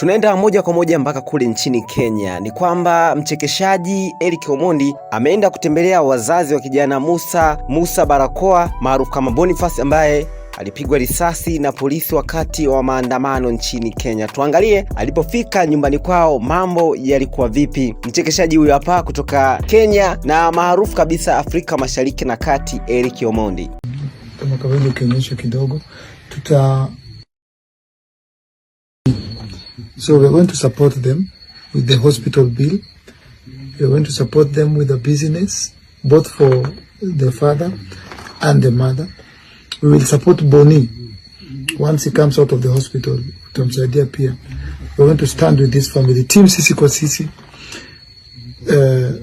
Tunaenda moja kwa moja mpaka kule nchini Kenya. Ni kwamba mchekeshaji Eric Omondi ameenda kutembelea wazazi wa kijana Musa Musa Barakoa maarufu kama Boniface ambaye alipigwa risasi na polisi wakati wa maandamano nchini Kenya. Tuangalie alipofika nyumbani kwao mambo yalikuwa vipi. Mchekeshaji huyo hapa kutoka Kenya na maarufu kabisa Afrika Mashariki na Kati, Eric Omondi. Kama kawaida, ukionyesha kidogo tuta So we're going to support them with the hospital bill. We're going to support them with the business, both for the father and the mother. We will support Boni once he comes out of the hospital, tutamsaidia pia. We're going to stand with this family. Team Sisi kwa Sisi, uh,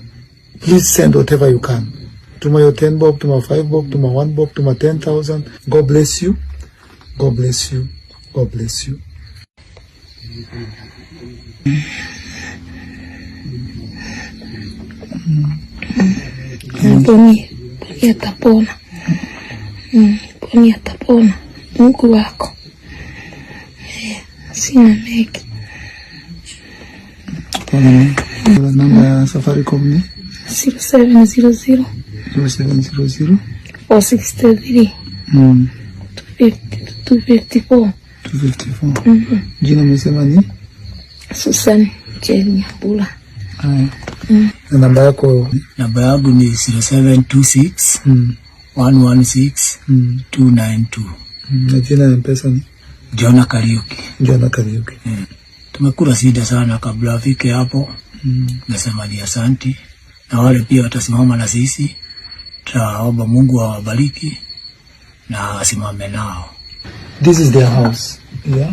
please send whatever you can. Tuma your 10 bob, to my 5 bob, tuma 1 bob, to tuma 10,000. God bless you. God bless you. God bless you. Mponye, mponye atapona. Mponye atapona. Mungu wako. Sina mengi. Pole. Namba ya Safaricom ni 0700 0700 463 254 Mm-hmm. Jina umesema ni Susan Jane Nyambura. Mm. Na namba yako? Namba yangu ni 0726 mm. 116 mm. 292. Mm. Na jina ya mpesa ni Jona Kariuki. Jona Kariuki. Mm. Tumekula sida sana kabla afike hapo. Mm. Nasema ni asanti. Na wale pia watasimama na sisi. Tutaomba Mungu awabariki na asimame nao. This is their house. Yeah.